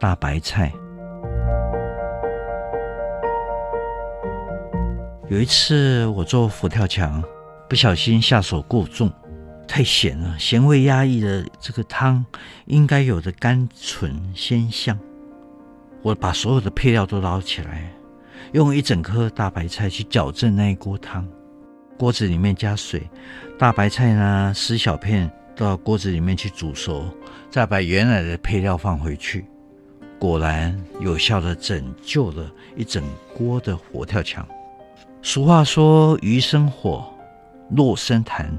大白菜。有一次，我做佛跳牆，不小心下手過重，太鹹了。鹹味壓抑的這個湯，應該有的甘醇鮮香。我把所有的配料都撈起來，用一整顆大白菜去矯正那一鍋湯。鍋子裡面加水，大白菜呢，撕小片到鍋子裡面去煮熟，再把原來的配料放回去。果然有效地拯救了一整鍋的佛跳牆。俗話說：“魚生火，肉生痰，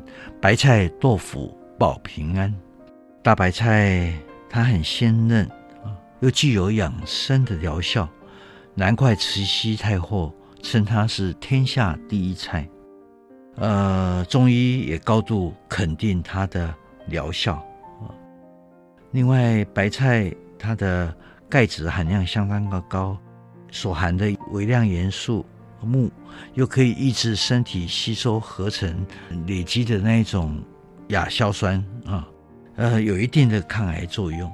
白菜豆腐保平安。”大白菜它很鮮嫩又具有養生的療效，難怪慈禧太后稱它是天下第一菜。呃，中醫也高度肯定它的療效。另外，白菜它的。鈣質含量相當的高，所含的微量元素鉬，又可以抑制身體吸收合成累積的那一種亞硝酸啊，呃，有一定的抗癌作用。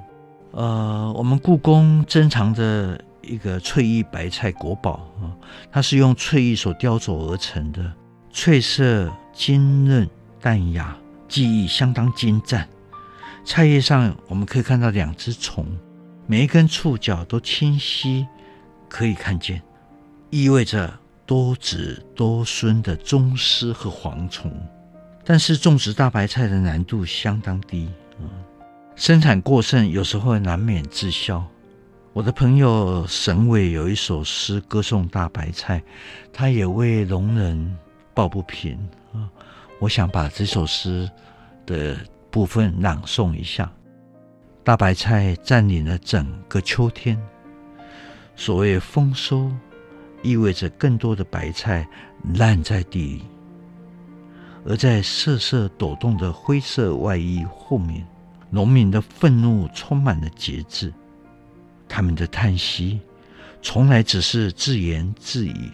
呃，我們故宮珍藏的一個翠玉白菜國寶啊，它是用翠玉所雕琢而成的，翠色晶潤淡雅，技藝相當精湛。菜葉上我們可以看到兩隻蟲。每一根觸角都清晰，可以看見，意味着多子多孫的螽斯和蝗蟲。但是種植大白菜的難度相當低，生產過剩有時候難免滯銷。我的朋友沈偉有一首詩歌頌大白菜，他也為農人抱不平啊。我想把這首詩的部分朗誦一下。大白菜佔領了整個秋天。所謂豐收，意味着更多的白菜爛在地裡。而在瑟瑟抖動的灰色外衣後面，農民的憤怒充滿了節制。他們的嘆息，從來只是自言自語。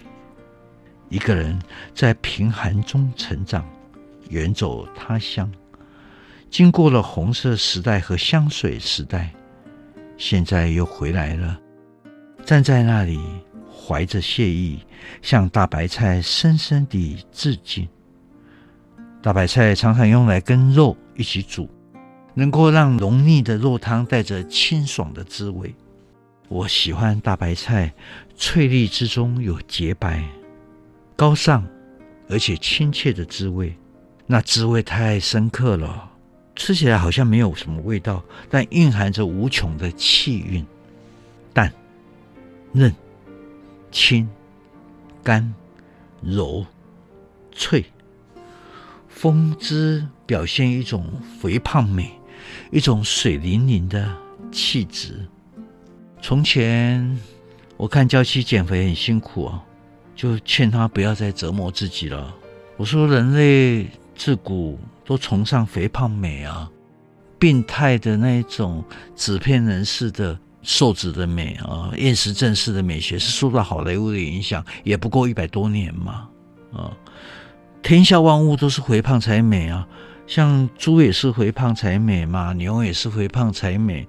一個人在貧寒中成長，遠走他鄉。經過了紅色時代和香水時代，現在又回來了。站在那裡，懷着謝意，向大白菜深深地致敬。大白菜常常用來跟肉一起煮，能夠讓濃膩的肉湯帶着清爽的滋味。我喜歡大白菜，翠綠之中有潔白、高尚而且親切的滋味，那滋味太深刻了。吃起來好像沒有什麼味道，但蘊含着無窮的氣韻，淡、嫩、清、甘、柔、脆，豐姿表現一種肥胖美，一種水靈靈的氣質。從前我看焦妻減肥很辛苦哦，就勸她不要再折磨自己了。我說人類。自古都崇尚肥胖美啊，病態的那一種紙片人似的瘦子的美啊、呃，厭食症式的美學是受到好萊塢的影響，也不過一百多年嘛啊、呃！天下萬物都是肥胖才美啊，像豬也是肥胖才美，嘛，牛也是肥胖才美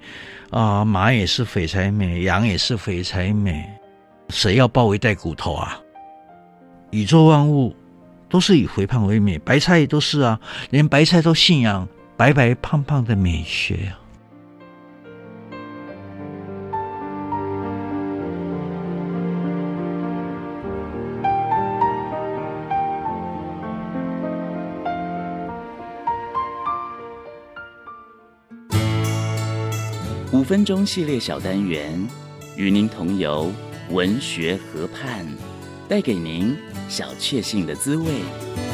啊、呃，馬也是肥才美，羊也是肥才美，誰要抱一袋骨頭啊？宇宙萬物。都是以肥胖為美，白菜也都是啊，連白菜都信仰白白胖胖的美學啊。五分鐘系列小單元，與您同遊文學河畔。帶給您小確幸的滋味。